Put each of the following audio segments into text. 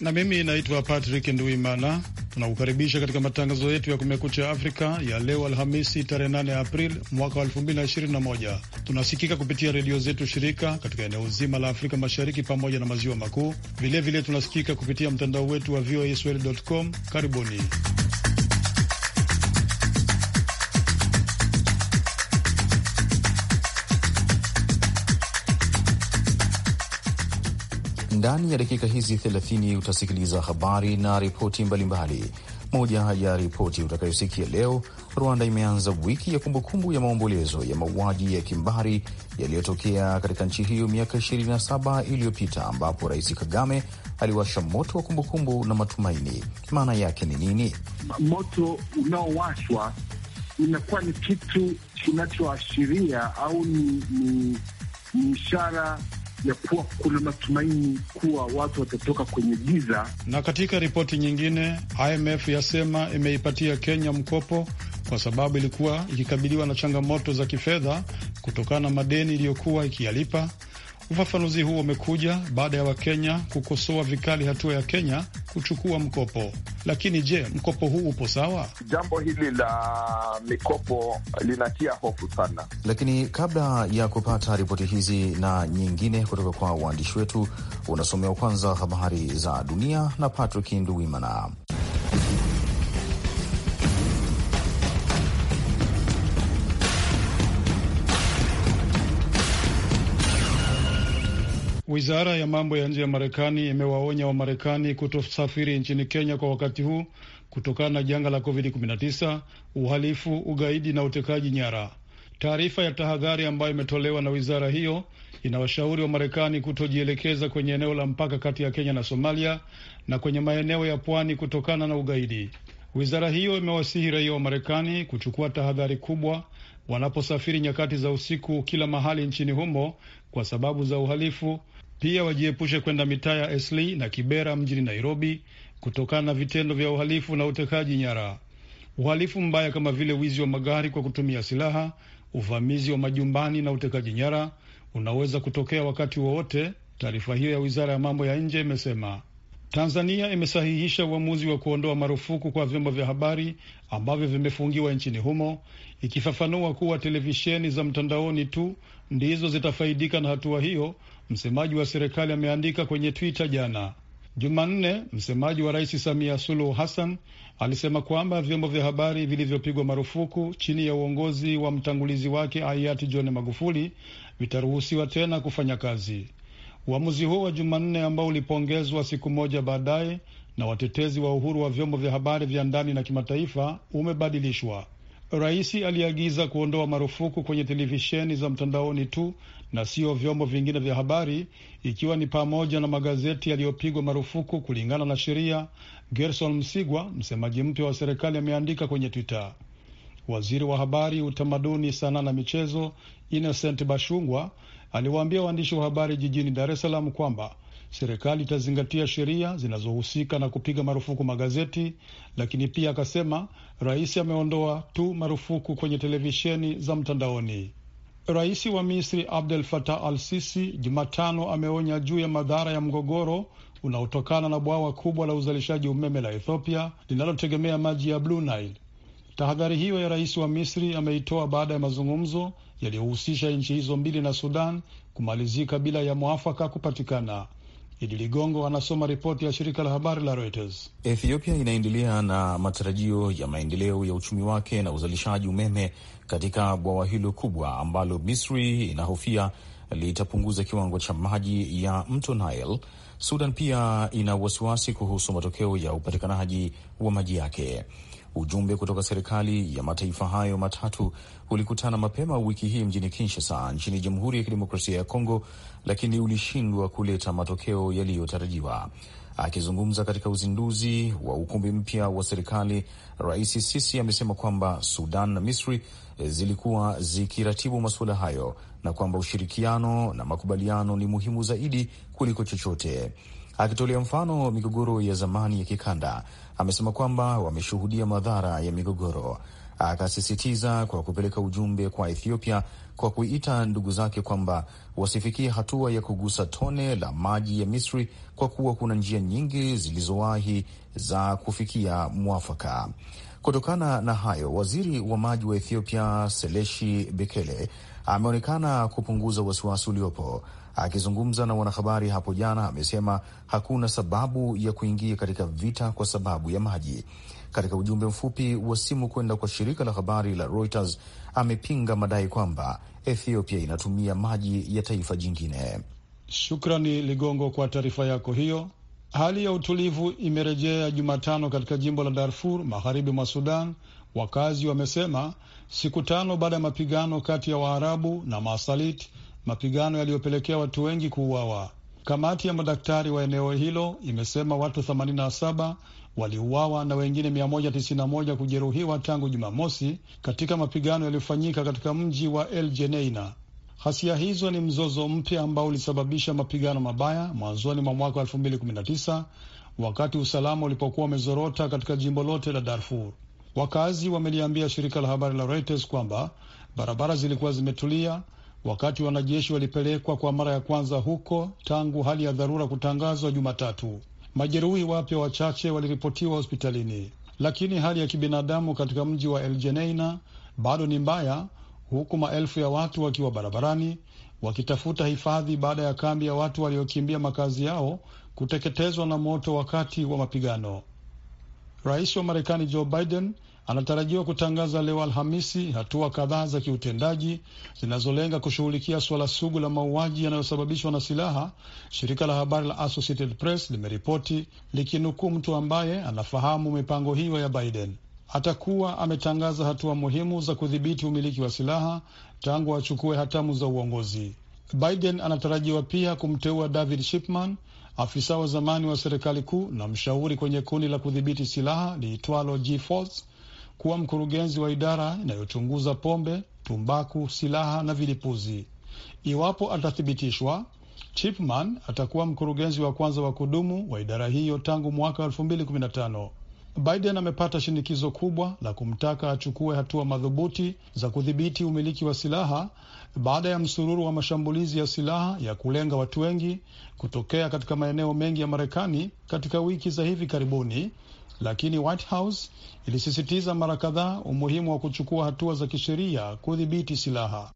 na mimi naitwa Patrick Nduimana. Tunakukaribisha katika matangazo yetu ya Kumekucha Afrika ya leo Alhamisi, tarehe 8 Aprili mwaka 2021. Tunasikika kupitia redio zetu shirika katika eneo zima la Afrika Mashariki pamoja na maziwa makuu. Vilevile tunasikika kupitia mtandao wetu wa voa voaswahili.com. Karibuni. Ndani ya dakika hizi 30 utasikiliza habari na ripoti mbalimbali. Moja ya ripoti utakayosikia leo, Rwanda imeanza wiki ya kumbukumbu ya maombolezo ya mauaji ya kimbari yaliyotokea katika nchi hiyo miaka 27 iliyopita, ambapo Rais Kagame aliwasha moto wa kumbukumbu na matumaini. Maana yake ni nini? Moto unaowashwa inakuwa ni kitu kinachoashiria au ni, ni, ni ishara ya kuwa kuna matumaini kuwa watu watatoka kwenye giza. Na katika ripoti nyingine, IMF yasema imeipatia Kenya mkopo kwa sababu ilikuwa ikikabiliwa na changamoto za kifedha kutokana na madeni iliyokuwa ikiyalipa. Ufafanuzi huo umekuja baada ya Wakenya kukosoa vikali hatua ya Kenya kuchukua mkopo. Lakini je, mkopo huu upo sawa? Jambo hili la mikopo linatia hofu sana. Lakini kabla ya kupata ripoti hizi na nyingine kutoka kwa waandishi wetu, unasomewa kwanza habari za dunia na Patrick Nduwimana. Wizara ya mambo ya nje ya Marekani imewaonya Wamarekani kutosafiri nchini Kenya kwa wakati huu kutokana na janga la COVID-19, uhalifu, ugaidi na utekaji nyara. Taarifa ya tahadhari ambayo imetolewa na wizara hiyo inawashauri wa Marekani kutojielekeza kwenye eneo la mpaka kati ya Kenya na Somalia na kwenye maeneo ya pwani kutokana na ugaidi. Wizara hiyo imewasihi raia wa Marekani kuchukua tahadhari kubwa wanaposafiri nyakati za usiku kila mahali nchini humo kwa sababu za uhalifu, pia wajiepushe kwenda mitaa ya Esli na Kibera mjini Nairobi kutokana na vitendo vya uhalifu na utekaji nyara. Uhalifu mbaya kama vile wizi wa magari kwa kutumia silaha, uvamizi wa majumbani na utekaji nyara unaweza kutokea wakati wowote, taarifa hiyo ya wizara ya mambo ya nje imesema. Tanzania imesahihisha uamuzi wa kuondoa marufuku kwa vyombo vya habari ambavyo vimefungiwa nchini humo, ikifafanua kuwa televisheni za mtandaoni tu ndizo zitafaidika na hatua hiyo, msemaji wa serikali ameandika kwenye Twitter jana. Jumanne, msemaji wa rais Samia Suluhu Hassan alisema kwamba vyombo vya habari vilivyopigwa marufuku chini ya uongozi wa mtangulizi wake hayati John Magufuli vitaruhusiwa tena kufanya kazi. Uamuzi huo wa Jumanne, ambao ulipongezwa siku moja baadaye na watetezi wa uhuru wa vyombo vya habari vya ndani na kimataifa, umebadilishwa. Rais aliagiza kuondoa marufuku kwenye televisheni za mtandaoni tu na sio vyombo vingine vya habari, ikiwa ni pamoja na magazeti yaliyopigwa marufuku kulingana na sheria. Gerson Msigwa, msemaji mpya wa serikali, ameandika kwenye Twitter. Waziri wa Habari, Utamaduni, Sanaa na Michezo Innocent Bashungwa aliwaambia waandishi wa habari jijini Dar es Salaam kwamba serikali itazingatia sheria zinazohusika na kupiga marufuku magazeti, lakini pia akasema rais ameondoa tu marufuku kwenye televisheni za mtandaoni. Rais wa Misri Abdel Fattah Al Sisi Jumatano ameonya juu ya madhara ya mgogoro unaotokana na bwawa kubwa la uzalishaji umeme la Ethiopia linalotegemea maji ya Blue Nile. Tahadhari hiyo ya rais wa Misri ameitoa baada ya mazungumzo yaliyohusisha nchi hizo mbili na Sudan kumalizika bila ya mwafaka kupatikana. Idi Ligongo anasoma ripoti ya shirika la habari la Reuters. Ethiopia inaendelea na matarajio ya maendeleo ya uchumi wake na uzalishaji umeme katika bwawa hilo kubwa ambalo Misri inahofia litapunguza kiwango cha maji ya mto Nile. Sudan pia ina wasiwasi kuhusu matokeo ya upatikanaji wa maji yake. Ujumbe kutoka serikali ya mataifa hayo matatu ulikutana mapema wiki hii mjini Kinshasa nchini Jamhuri ya Kidemokrasia ya Kongo, lakini ulishindwa kuleta matokeo yaliyotarajiwa. Akizungumza katika uzinduzi wa ukumbi mpya wa serikali, Rais Sisi amesema kwamba Sudan na Misri eh, zilikuwa zikiratibu masuala hayo na kwamba ushirikiano na makubaliano ni muhimu zaidi kuliko chochote. Akitolea mfano migogoro ya zamani ya kikanda, amesema kwamba wameshuhudia madhara ya migogoro. Akasisitiza kwa kupeleka ujumbe kwa Ethiopia kwa kuita ndugu zake kwamba wasifikie hatua ya kugusa tone la maji ya Misri kwa kuwa kuna njia nyingi zilizowahi za kufikia mwafaka. Kutokana na hayo, waziri wa maji wa Ethiopia Seleshi Bekele ameonekana kupunguza wasiwasi uliopo Akizungumza na wanahabari hapo jana, amesema hakuna sababu ya kuingia katika vita kwa sababu ya maji. Katika ujumbe mfupi wa simu kwenda kwa shirika la habari la Reuters, amepinga madai kwamba Ethiopia inatumia maji ya taifa jingine. Shukrani Ligongo kwa taarifa yako hiyo. Hali ya utulivu imerejea Jumatano katika jimbo la Darfur magharibi mwa Sudan, wakazi wamesema, siku tano baada ya mapigano kati ya Waarabu na Masalit mapigano yaliyopelekea watu wengi kuuawa. Kamati ya madaktari wa eneo hilo imesema watu 87 waliuawa na wengine 191 kujeruhiwa tangu Jumamosi katika mapigano yaliyofanyika katika mji wa El Jeneina. Ghasia hizo ni mzozo mpya ambao ulisababisha mapigano mabaya mwanzoni mwa mwaka 2019 wakati usalama ulipokuwa umezorota katika jimbo lote la Darfur. Wakazi wameliambia shirika la habari la Reuters kwamba barabara zilikuwa zimetulia wakati wanajeshi walipelekwa kwa mara ya kwanza huko tangu hali ya dharura kutangazwa Jumatatu. Majeruhi wapya wachache waliripotiwa hospitalini, lakini hali ya kibinadamu katika mji wa El Geneina bado ni mbaya, huku maelfu ya watu wakiwa barabarani wakitafuta hifadhi baada ya kambi ya watu waliokimbia makazi yao kuteketezwa na moto wakati wa mapigano. Rais wa Marekani Joe Biden anatarajiwa kutangaza leo Alhamisi hatua kadhaa za kiutendaji zinazolenga kushughulikia suala sugu la mauaji yanayosababishwa na silaha, shirika la habari la Associated Press limeripoti likinukuu mtu ambaye anafahamu mipango hiyo ya Biden. Atakuwa ametangaza hatua muhimu za kudhibiti umiliki wa silaha tangu achukue hatamu za uongozi. Biden anatarajiwa pia kumteua David Shipman, afisa wa zamani wa serikali kuu na mshauri kwenye kundi la kudhibiti silaha liitwalo G-Force kuwa mkurugenzi wa idara inayochunguza pombe, tumbaku, silaha na vilipuzi. Iwapo atathibitishwa, Chipman atakuwa mkurugenzi wa kwanza wa kudumu wa idara hiyo tangu mwaka 2015. Biden amepata shinikizo kubwa la kumtaka achukue hatua madhubuti za kudhibiti umiliki wa silaha baada ya msururu wa mashambulizi ya silaha ya kulenga watu wengi kutokea katika maeneo mengi ya Marekani katika wiki za hivi karibuni, lakini White House ilisisitiza mara kadhaa umuhimu wa kuchukua hatua za kisheria kudhibiti silaha.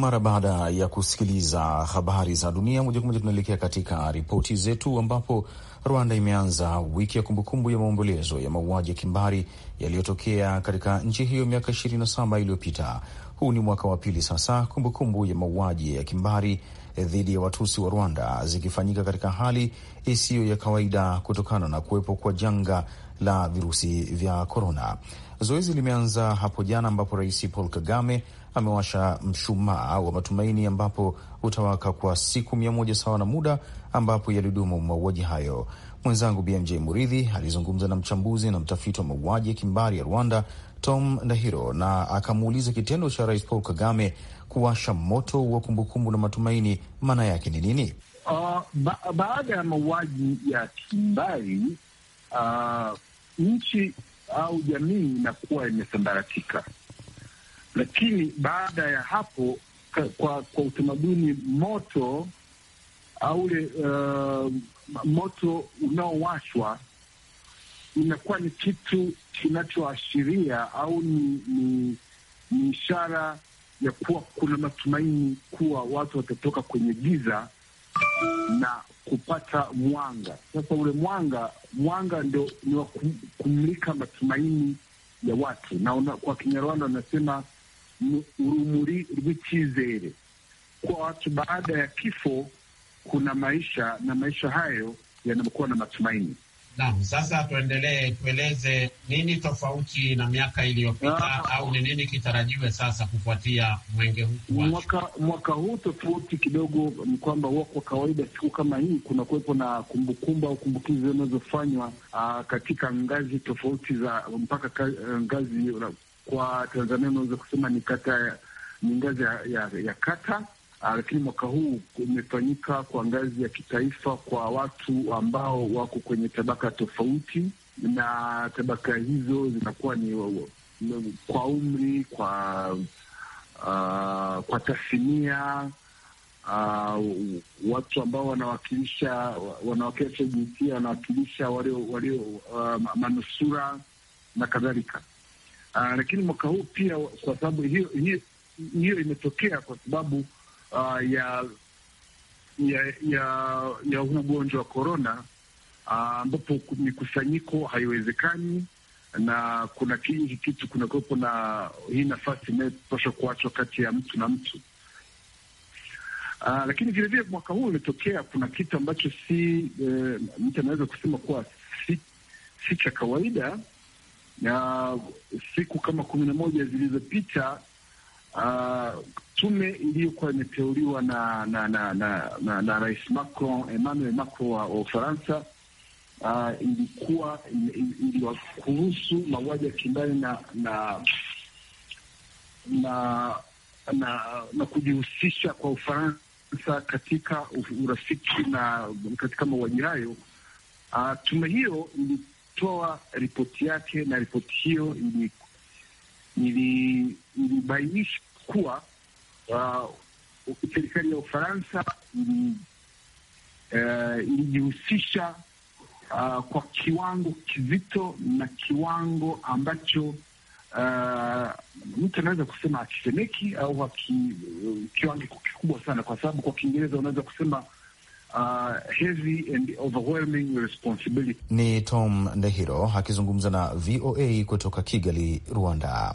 Mara baada ya kusikiliza habari za dunia moja kwa moja, tunaelekea katika ripoti zetu, ambapo Rwanda imeanza wiki ya kumbukumbu ya maombolezo ya mauaji ya kimbari yaliyotokea katika nchi hiyo miaka 27 iliyopita. Huu ni mwaka wa pili sasa kumbukumbu ya mauaji ya kimbari dhidi ya Watusi wa Rwanda zikifanyika katika hali isiyo ya kawaida kutokana na kuwepo kwa janga la virusi vya korona. Zoezi limeanza hapo jana ambapo Rais Paul Kagame amewasha mshumaa wa matumaini ambapo utawaka kwa siku mia moja sawa na muda ambapo yalidumu mauaji hayo. Mwenzangu BMJ Muridhi alizungumza na mchambuzi na mtafiti wa mauaji ya kimbari ya Rwanda Tom Ndahiro na akamuuliza kitendo cha Rais Paul Kagame kuwasha moto wa kumbukumbu na matumaini maana yake ni nini? Uh, ba baada ya mauaji ya kimbari uh, nchi au jamii inakuwa imesambaratika lakini baada ya hapo kwa, kwa utamaduni moto au ule uh, moto unaowashwa inakuwa ni kitu kinachoashiria au ni, ni, ni ishara ya kuwa kuna matumaini kuwa watu watatoka kwenye giza na kupata mwanga. Sasa ule mwanga mwanga ndio ni wa kumlika matumaini ya watu, na una, kwa Kinyarwanda wanasema urumuri rw'icyizere kwa watu baada ya kifo kuna maisha na maisha hayo yanakuwa na matumaini. Naam, sasa tuendelee, tueleze nini tofauti na miaka iliyopita ah. au ni nini kitarajiwe sasa kufuatia mwenge huu? Mwaka, mwaka huu tofauti kidogo ni kwamba huwa kwa kawaida siku kama hii kuna kuwepo na kumbukumbu au kumbukizi zinazofanywa ah, katika ngazi tofauti za mpaka ka, ngazi kwa Tanzania unaweza kusema ni kata ni ngazi ya, ya, ya kata, ah, lakini mwaka huu umefanyika kwa ngazi ya kitaifa kwa watu ambao wako kwenye tabaka tofauti, na tabaka hizo zinakuwa ni kwa umri, kwa uh, kwa tasnia Uh, watu ambao wanawakilisha wanawakilisha jinsia wanawakilisha walio walio uh, manusura na kadhalika. Ah, lakini mwaka huu pia kwa sababu hiyo, hiyo, hiyo imetokea kwa sababu ah, ya ya ya, ya huu ugonjwa wa korona ah, ambapo mikusanyiko haiwezekani na kuna kingi kitu kunakuwepo na hii nafasi inayotosha kuachwa kati ya mtu na mtu Aa, lakini vilevile mwaka huu imetokea kuna kitu ambacho si e, mtu anaweza kusema kuwa si, si cha kawaida na siku kama kumi na moja zilizopita uh, tume iliyokuwa imeteuliwa na na na, na, na, na Rais Macron, Emmanuel Macron wa Ufaransa uh, ilikuwa iliwakuhusu mauaji ya kimbari na na na, na, na kujihusisha kwa Ufaransa katika urafiki na katika mauaji hayo. Uh, tume hiyo alitoa ripoti yake, na ripoti hiyo ilibainisha kuwa uh, serikali ya Ufaransa uh, ilijihusisha uh, uh, kwa kiwango kizito na kiwango ambacho Uh, mtu anaweza kusema akisemeki au uh, kiwango kikubwa sana, kwa sababu kwa Kiingereza unaweza kusema Uh, heavy and overwhelming responsibility. Ni Tom Ndehiro akizungumza na VOA kutoka Kigali, Rwanda.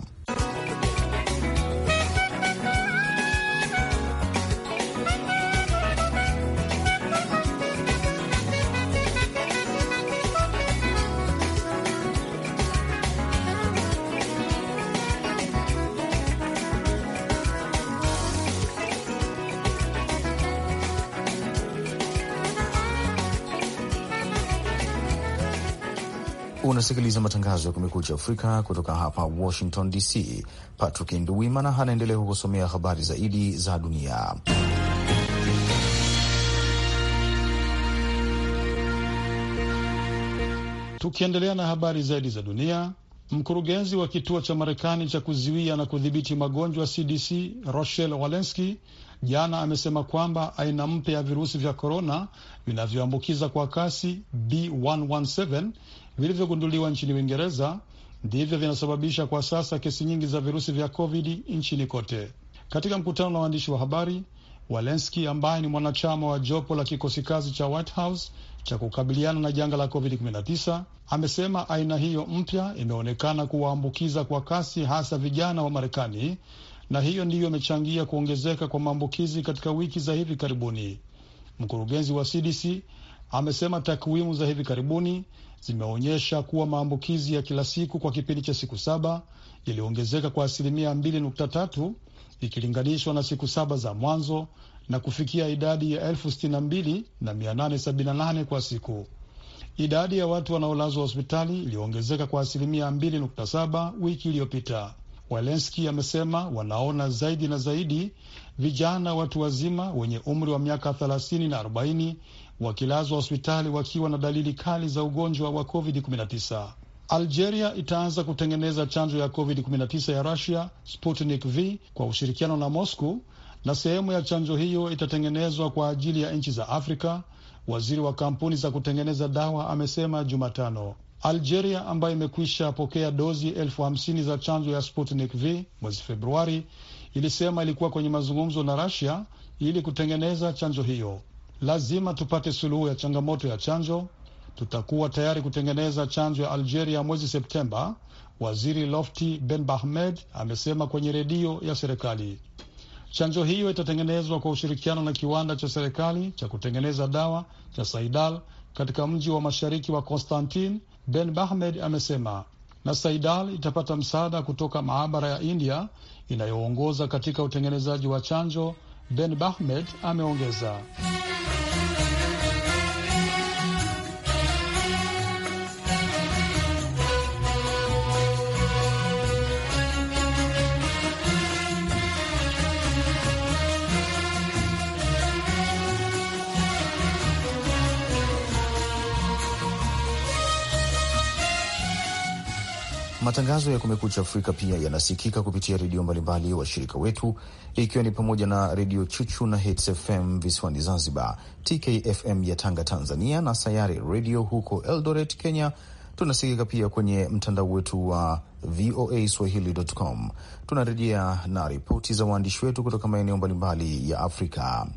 unasikiliza matangazo ya Kumekucha Afrika kutoka hapa Washington DC. Patrick Nduwimana anaendelea kukusomea habari zaidi za dunia. Tukiendelea na habari zaidi za dunia, mkurugenzi wa kituo cha Marekani cha kuzuia na kudhibiti magonjwa CDC Rochelle Walensky jana amesema kwamba aina mpya ya virusi vya korona vinavyoambukiza kwa kasi B117 vilivyogunduliwa nchini Uingereza ndivyo vinasababisha kwa sasa kesi nyingi za virusi vya COVID nchini kote. Katika mkutano na waandishi wa habari, Walensky ambaye ni mwanachama wa jopo la kikosi kazi cha White House cha kukabiliana na janga la COVID-19 amesema aina hiyo mpya imeonekana kuwaambukiza kwa kasi hasa vijana wa Marekani na hiyo ndiyo imechangia kuongezeka kwa maambukizi katika wiki za hivi karibuni. Mkurugenzi wa CDC amesema takwimu za hivi karibuni zimeonyesha kuwa maambukizi ya kila siku kwa kipindi cha siku saba iliongezeka kwa asilimia 2.3 ikilinganishwa na siku saba za mwanzo na kufikia idadi ya elfu sitini na mbili na mia nane sabini na nane kwa siku. Idadi ya watu wanaolazwa hospitali iliongezeka kwa asilimia 2.7 wiki iliyopita. Walenski amesema wanaona zaidi na zaidi vijana watu wazima wenye umri wa miaka 30 na 40 wakilazwa hospitali wakiwa na dalili kali za ugonjwa wa COVID-19. Algeria itaanza kutengeneza chanjo ya COVID-19 ya Russia Sputnik V kwa ushirikiano na Moscow na sehemu ya chanjo hiyo itatengenezwa kwa ajili ya nchi za Afrika. Waziri wa kampuni za kutengeneza dawa amesema Jumatano Algeria ambayo imekwisha pokea dozi elfu hamsini za chanjo ya Sputnik V mwezi Februari ilisema ilikuwa kwenye mazungumzo na Rasia ili kutengeneza chanjo hiyo. Lazima tupate suluhu ya changamoto ya chanjo. Tutakuwa tayari kutengeneza chanjo ya Algeria mwezi Septemba, waziri Lofti Ben Bahmed amesema kwenye redio ya serikali. Chanjo hiyo itatengenezwa kwa ushirikiano na kiwanda cha serikali cha kutengeneza dawa cha Saidal katika mji wa mashariki wa Konstantin Ben Bahmed amesema na Saidal itapata msaada kutoka maabara ya India inayoongoza katika utengenezaji wa chanjo. Ben Bahmed ameongeza Matangazo ya Kumekucha Afrika pia yanasikika kupitia redio mbalimbali washirika wetu, ikiwa ni pamoja na Redio Chuchu na Hits FM visiwani Zanzibar, TKFM ya Tanga, Tanzania, na Sayari Redio huko Eldoret, Kenya. Tunasikika pia kwenye mtandao wetu wa VOA swahili.com. Tunarejea na ripoti za waandishi wetu kutoka maeneo mbalimbali ya Afrika.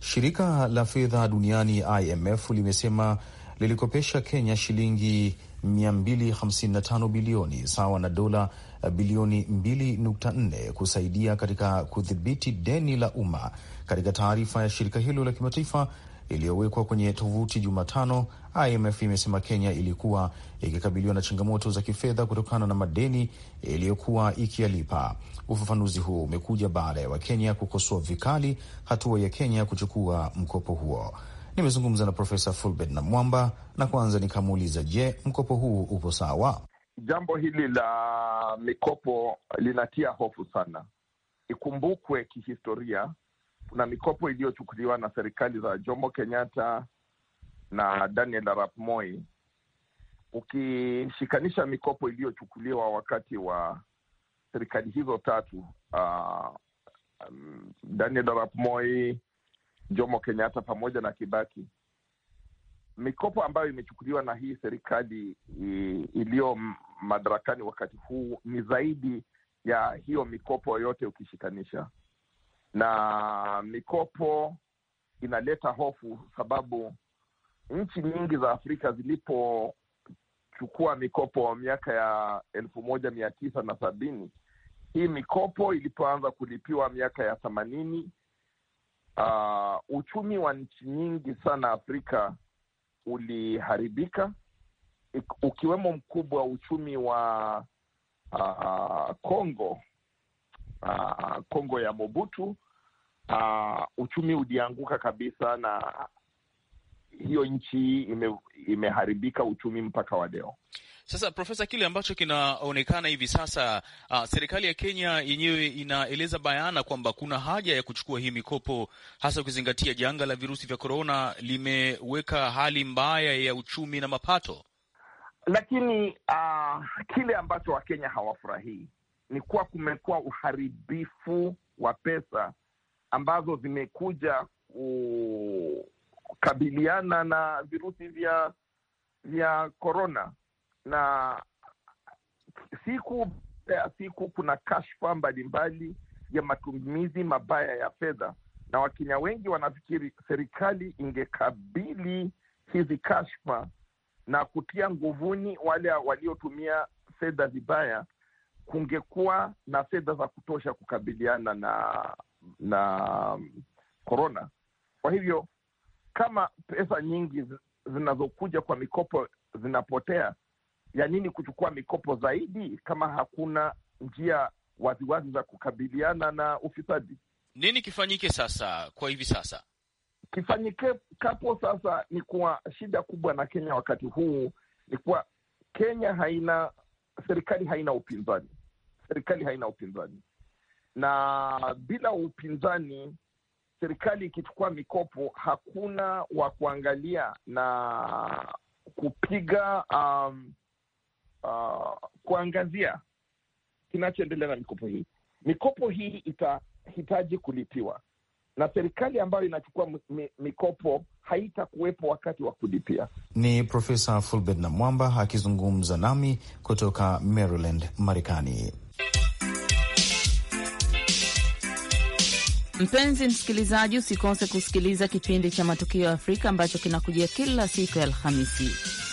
Shirika la fedha duniani IMF limesema lilikopesha Kenya shilingi 255 bilioni sawa na dola eh, bilioni 2.4 kusaidia katika kudhibiti deni la umma. Katika taarifa ya shirika hilo la kimataifa iliyowekwa kwenye tovuti Jumatano, IMF imesema Kenya ilikuwa ikikabiliwa na changamoto za kifedha kutokana na madeni iliyokuwa ikiyalipa. Ufafanuzi huo umekuja baada ya Wakenya kukosoa vikali hatua ya Kenya kuchukua mkopo huo. Nimezungumza na Profesa Fulbert na Mwamba na kwanza nikamuuliza, je, mkopo huu upo sawa? Jambo hili la mikopo linatia hofu sana. Ikumbukwe kihistoria, kuna mikopo iliyochukuliwa na serikali za Jomo Kenyatta na Daniel Arap Moi. Ukishikanisha mikopo iliyochukuliwa wakati wa serikali hizo tatu, uh, um, Daniel Arap Moi Jomo Kenyatta pamoja na Kibaki. Mikopo ambayo imechukuliwa na hii serikali iliyo madarakani wakati huu ni zaidi ya hiyo mikopo yote ukishikanisha, na mikopo inaleta hofu, sababu nchi nyingi za Afrika zilipochukua mikopo miaka ya elfu moja mia tisa na sabini hii mikopo ilipoanza kulipiwa miaka ya themanini uh, uchumi wa nchi nyingi sana Afrika uliharibika ukiwemo mkubwa uchumi wa uh, Kongo uh, uh, Kongo ya Mobutu uh, uchumi ulianguka kabisa, na hiyo nchi ime, imeharibika uchumi mpaka wa leo. Sasa Profesa, kile ambacho kinaonekana hivi sasa, uh, serikali ya Kenya yenyewe inaeleza bayana kwamba kuna haja ya kuchukua hii mikopo, hasa ukizingatia janga la virusi vya korona limeweka hali mbaya ya uchumi na mapato. Lakini uh, kile ambacho Wakenya hawafurahii ni kuwa kumekuwa uharibifu wa pesa ambazo zimekuja kukabiliana na virusi vya vya korona na siku ya eh, siku kuna kashfa mbalimbali ya matumizi mabaya ya fedha, na Wakenya wengi wanafikiri serikali ingekabili hizi kashfa na kutia nguvuni wale waliotumia fedha vibaya, kungekuwa na fedha za kutosha kukabiliana na na korona. Mm, kwa hivyo kama pesa nyingi zinazokuja kwa mikopo zinapotea ya nini kuchukua mikopo zaidi kama hakuna njia waziwazi za kukabiliana na ufisadi? Nini kifanyike sasa? Kwa hivi sasa kifanyike kapo sasa ni kuwa shida kubwa na Kenya wakati huu ni kuwa Kenya haina serikali, haina upinzani. Serikali haina upinzani, na bila upinzani, serikali ikichukua mikopo, hakuna wa kuangalia na kupiga um, uh, kuangazia kinachoendelea na mikopo hii. Mikopo hii itahitaji kulipiwa na serikali ambayo inachukua mikopo haitakuwepo wakati wa kulipia. Ni Profesa Fulbert Namwamba akizungumza nami kutoka Maryland, Marekani. Mpenzi msikilizaji, usikose kusikiliza kipindi cha Matukio ya Afrika ambacho kinakujia kila siku ya Alhamisi.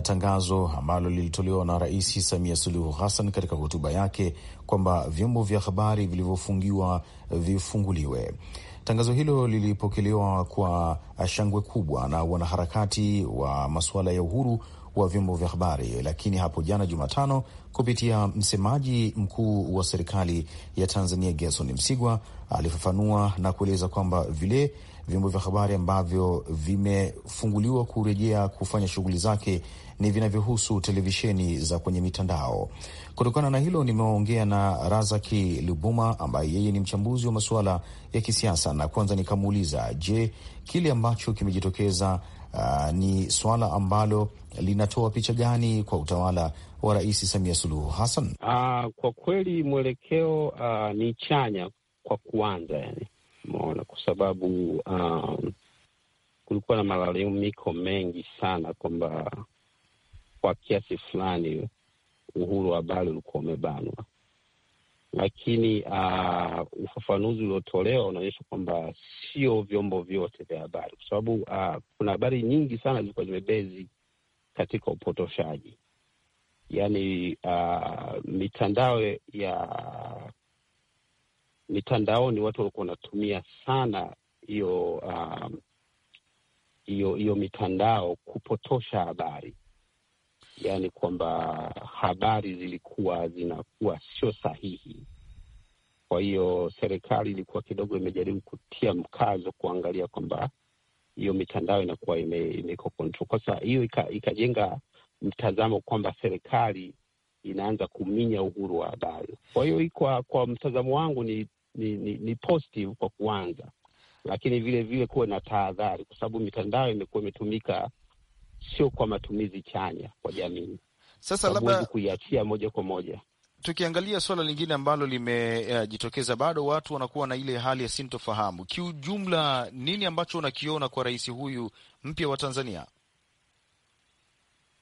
tangazo ambalo lilitolewa na Rais Samia Suluhu Hassan katika hotuba yake kwamba vyombo vya habari vilivyofungiwa vifunguliwe. Tangazo hilo lilipokelewa kwa shangwe kubwa na wanaharakati wa masuala ya uhuru wa vyombo vya habari. Lakini hapo jana Jumatano, kupitia msemaji mkuu wa serikali ya Tanzania Gerson Msigwa alifafanua na kueleza kwamba vile vyombo vya habari ambavyo vimefunguliwa kurejea kufanya shughuli zake ni vinavyohusu televisheni za kwenye mitandao. Kutokana na hilo, nimeongea na Razaki Lubuma ambaye yeye ni mchambuzi wa masuala ya kisiasa, na kwanza nikamuuliza, je, kile ambacho kimejitokeza uh, ni swala ambalo linatoa picha gani kwa utawala wa Rais Samia Suluhu Hassan? Uh, kwa kweli mwelekeo uh, ni chanya kwa kuanza, yani umeona, kwa sababu um, kulikuwa na malalamiko mengi sana kwamba kwa kiasi fulani uhuru wa habari ulikuwa umebanwa lakini uh, ufafanuzi uliotolewa unaonyesha kwamba sio vyombo vyote vya habari, kwa sababu uh, kuna habari nyingi sana zilikuwa zimebezi katika upotoshaji. Yaani uh, mitandao ya mitandaoni watu walikuwa wanatumia sana hiyo hiyo uh, mitandao kupotosha habari yaani kwamba habari zilikuwa zinakuwa sio sahihi. Kwa hiyo serikali ilikuwa kidogo imejaribu kutia mkazo kuangalia kwamba hiyo mitandao inakuwa imeko control. Kwa sasa hiyo ikajenga ika mtazamo kwamba serikali inaanza kuminya uhuru wa habari. Kwa hiyo kwa, kwa mtazamo wangu ni, ni, ni, ni positive kwa kuanza, lakini vilevile kuwe na tahadhari, kwa sababu mitandao imekuwa imetumika sio kwa matumizi chanya kwa jamii. Sasa labda kuiachia moja kwa moja tukiangalia suala lingine ambalo limejitokeza, uh, bado watu wanakuwa na ile hali ya sintofahamu. Kiujumla, nini ambacho unakiona kwa rais huyu mpya wa Tanzania?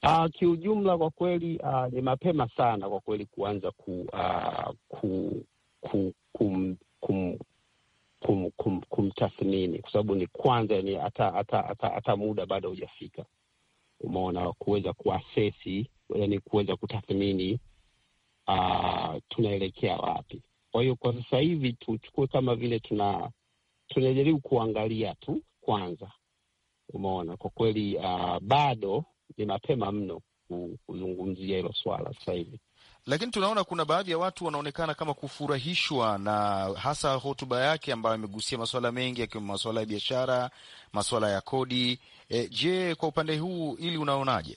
Uh, kiujumla kwa kweli uh, ni mapema sana kwa kweli kuanza ku, uh, ku, ku, kum, kum, kum, kum, kumtathmini kwa sababu ni kwanza, ni hata muda bado hujafika umeona, kuweza kuasesi, yani kuweza kutathmini uh, tunaelekea wapi. Kwa hiyo kwa sasa hivi tuchukue kama vile tuna tunajaribu kuangalia tu kwanza, umeona, kwa kweli uh, bado ni mapema mno kuzungumzia hilo swala sasa hivi lakini tunaona kuna baadhi ya watu wanaonekana kama kufurahishwa na hasa hotuba yake ambayo amegusia masuala mengi, yakiwemo masuala ya biashara, masuala ya kodi, E, je, kwa upande huu ili unaonaje?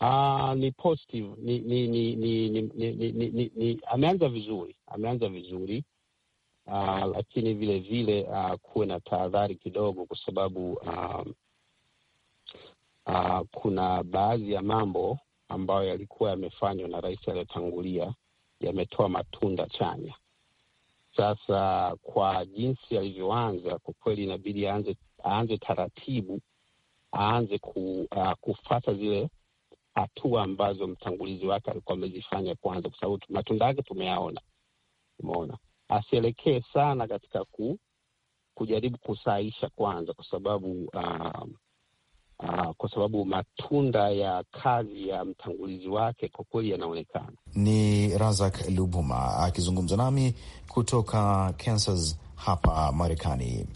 Uh, ni positive ni ni ni ni, ni, ni, ni, ni, ni ameanza vizuri, ameanza vizuri uh, lakini vile vile uh, kuwe na tahadhari kidogo, kwa sababu uh, uh, kuna baadhi ya mambo ambayo yalikuwa yamefanywa na rais aliyotangulia yametoa matunda chanya. Sasa kwa jinsi alivyoanza, kwa kweli inabidi aanze aanze taratibu, aanze ku, uh, kufata zile hatua ambazo mtangulizi wake alikuwa amezifanya kwanza, kwa sababu matunda yake tumeyaona. Umeona, asielekee sana katika ku, kujaribu kusaisha kwanza, kwa sababu uh, Uh, kwa sababu matunda ya kazi ya mtangulizi wake kwa kweli yanaonekana. Ni Razak Lubuma akizungumza nami kutoka Kansas hapa Marekani.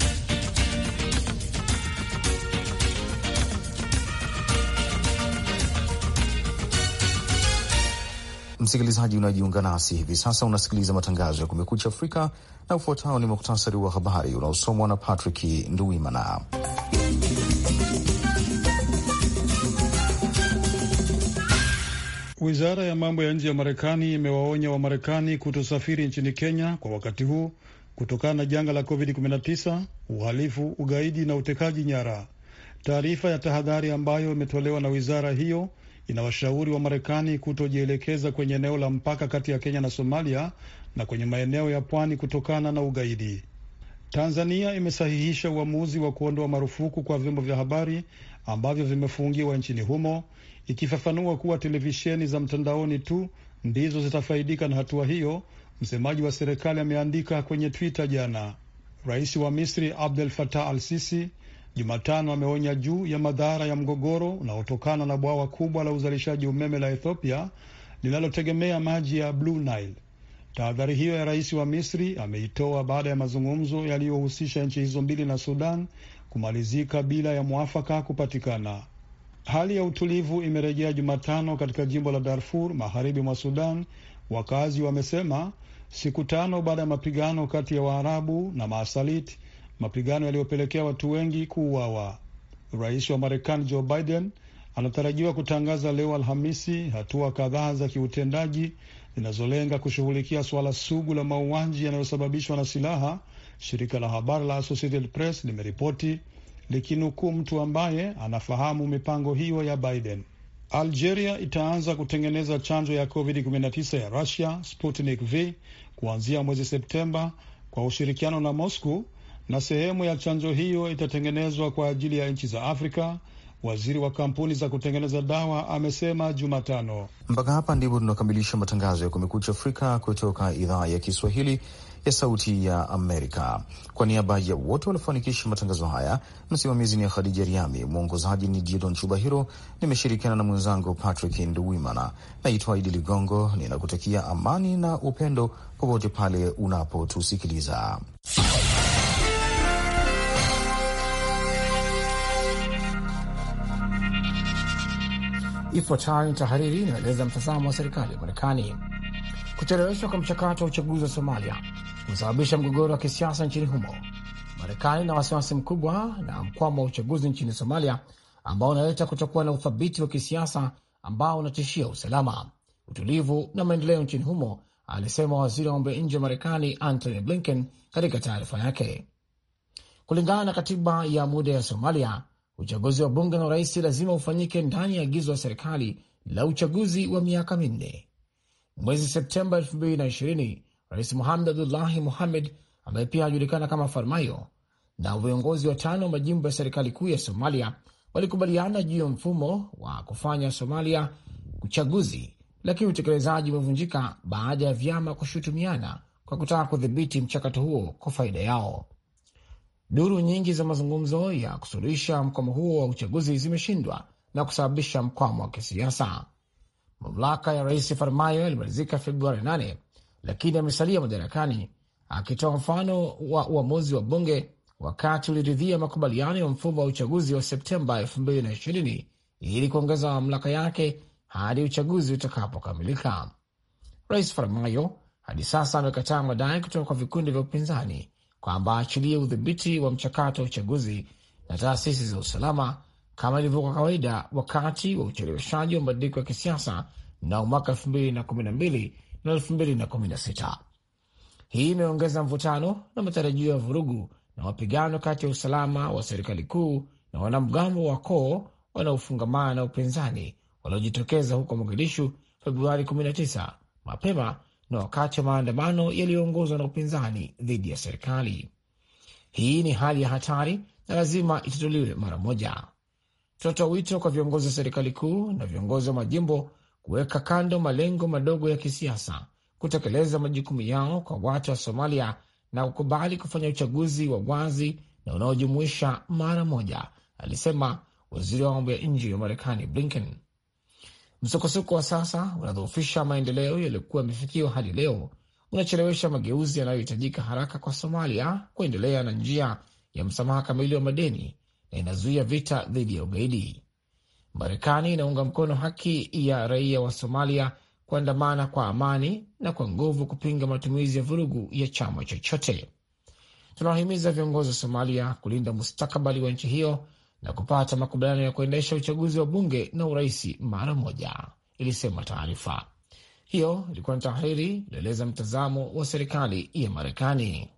Msikilizaji unajiunga nasi hivi sasa, unasikiliza matangazo ya Kumekucha Afrika, na ufuatao ni muktasari wa habari unaosomwa na Patrick nduimana Wizara ya mambo ya nje ya Marekani imewaonya Wamarekani kutosafiri nchini Kenya kwa wakati huu kutokana na janga la COVID-19, uhalifu, ugaidi na utekaji nyara. Taarifa ya tahadhari ambayo imetolewa na wizara hiyo inawashauri wa Marekani kutojielekeza kwenye eneo la mpaka kati ya Kenya na Somalia na kwenye maeneo ya pwani kutokana na ugaidi. Tanzania imesahihisha uamuzi wa kuondoa marufuku kwa vyombo vya habari ambavyo vimefungiwa nchini humo, ikifafanua kuwa televisheni za mtandaoni tu ndizo zitafaidika na hatua hiyo. Msemaji wa serikali ameandika kwenye Twitter jana. Rais wa Misri Abdel Fattah al-Sisi Jumatano ameonya juu ya madhara ya mgogoro unaotokana na bwawa kubwa la uzalishaji umeme la Ethiopia linalotegemea maji ya Blue Nile. Tahadhari hiyo ya rais wa Misri ameitoa baada ya mazungumzo yaliyohusisha nchi hizo mbili na Sudan kumalizika bila ya mwafaka kupatikana. Hali ya utulivu imerejea Jumatano katika jimbo la Darfur magharibi mwa Sudan, wakazi wamesema, siku tano baada ya mapigano kati ya Waarabu na maasaliti mapigano yaliyopelekea watu wengi kuuawa. Rais wa Marekani Joe Biden anatarajiwa kutangaza leo Alhamisi hatua kadhaa za kiutendaji zinazolenga kushughulikia suala sugu la mauaji yanayosababishwa na silaha, shirika la habari la Associated Press limeripoti likinukuu mtu ambaye anafahamu mipango hiyo ya Biden. Algeria itaanza kutengeneza chanjo ya COVID-19 ya Russia Sputnik V kuanzia mwezi Septemba kwa ushirikiano na Moscow na sehemu ya chanjo hiyo itatengenezwa kwa ajili ya nchi za Afrika. Waziri wa kampuni za kutengeneza dawa amesema Jumatano. Mpaka hapa ndipo tunakamilisha matangazo ya Kumekucha Afrika kutoka idhaa ya Kiswahili ya Sauti ya Amerika. Kwa niaba ya wote waliofanikisha matangazo haya, msimamizi ni Khadija Riami, mwongozaji ni Jidon Chubahiro. Nimeshirikiana na mwenzangu Patrick Nduwimana. Naitwa Idi Ligongo, ninakutakia amani na upendo popote pale unapotusikiliza. Ifuatayo ni tahariri inaeleza mtazamo wa serikali ya Marekani. Kucheleweshwa kwa mchakato wa uchaguzi wa Somalia kumesababisha mgogoro wa kisiasa nchini humo. Marekani ina wasiwasi mkubwa na mkwamo wa uchaguzi nchini Somalia ambao unaleta kutokuwa na uthabiti wa kisiasa ambao unatishia usalama, utulivu na maendeleo nchini humo, alisema waziri wa mambo ya nje wa Marekani Antony Blinken katika taarifa yake. Kulingana na katiba ya muda ya Somalia, uchaguzi wa bunge na urais lazima ufanyike ndani ya agizo la serikali la uchaguzi wa miaka minne. Mwezi Septemba 2020 Rais Mohamed Abdullahi Muhamed, ambaye pia anajulikana kama Farmayo na viongozi watano wa majimbo ya serikali kuu ya Somalia walikubaliana juu ya mfumo wa kufanya Somalia uchaguzi, lakini utekelezaji umevunjika baada ya vyama kushutumiana kwa kutaka kudhibiti mchakato huo kwa faida yao. Duru nyingi za mazungumzo ya kusuluhisha mkwamo huo wa uchaguzi zimeshindwa na kusababisha mkwamo wa kisiasa. Mamlaka ya rais Farmayo ilimalizika Februari 8 lakini amesalia madarakani akitoa mfano wa uamuzi wa bunge wakati uliridhia makubaliano ya mfumo wa uchaguzi wa Septemba 2020 ili kuongeza mamlaka yake hadi uchaguzi utakapokamilika. Rais Farmayo hadi sasa amekataa madai kutoka kwa vikundi vya upinzani kwamba aachilie udhibiti wa mchakato wa uchaguzi na taasisi za usalama kama ilivyo kwa kawaida wakati wa ucheleweshaji wa mabadiliko ya kisiasa na mwaka mbili na sita. Hii imeongeza mvutano na matarajio ya vurugu na mapigano kati ya usalama wa serikali kuu na wanamgambo wa koo wanaofungamana na upinzani waliojitokeza huko Mogadishu Februari 19 mapema na wakati wa maandamano yaliyoongozwa na upinzani dhidi ya serikali. Hii ni hali ya hatari na lazima itatuliwe mara moja. Tunatoa wito kwa viongozi wa serikali kuu na viongozi wa majimbo kuweka kando malengo madogo ya kisiasa, kutekeleza majukumu yao kwa watu wa Somalia na kukubali kufanya uchaguzi wa wazi na unaojumuisha mara moja, alisema waziri wa mambo ya nje wa Marekani Blinken. Msukosuko wa sasa unadhoofisha maendeleo yaliyokuwa yamefikiwa hadi leo, unachelewesha mageuzi yanayohitajika haraka kwa Somalia kuendelea na njia ya msamaha kamili wa madeni na inazuia vita dhidi ya ugaidi. Marekani inaunga mkono haki ya raia wa Somalia kuandamana kwa amani na kwa nguvu kupinga matumizi ya vurugu ya chama chochote. Tunawahimiza viongozi wa Somalia kulinda mustakabali wa nchi hiyo na kupata makubaliano ya kuendesha uchaguzi wa bunge na urais mara moja, ilisema taarifa hiyo. Ilikuwa ni tahariri inaeleza mtazamo wa serikali ya Marekani.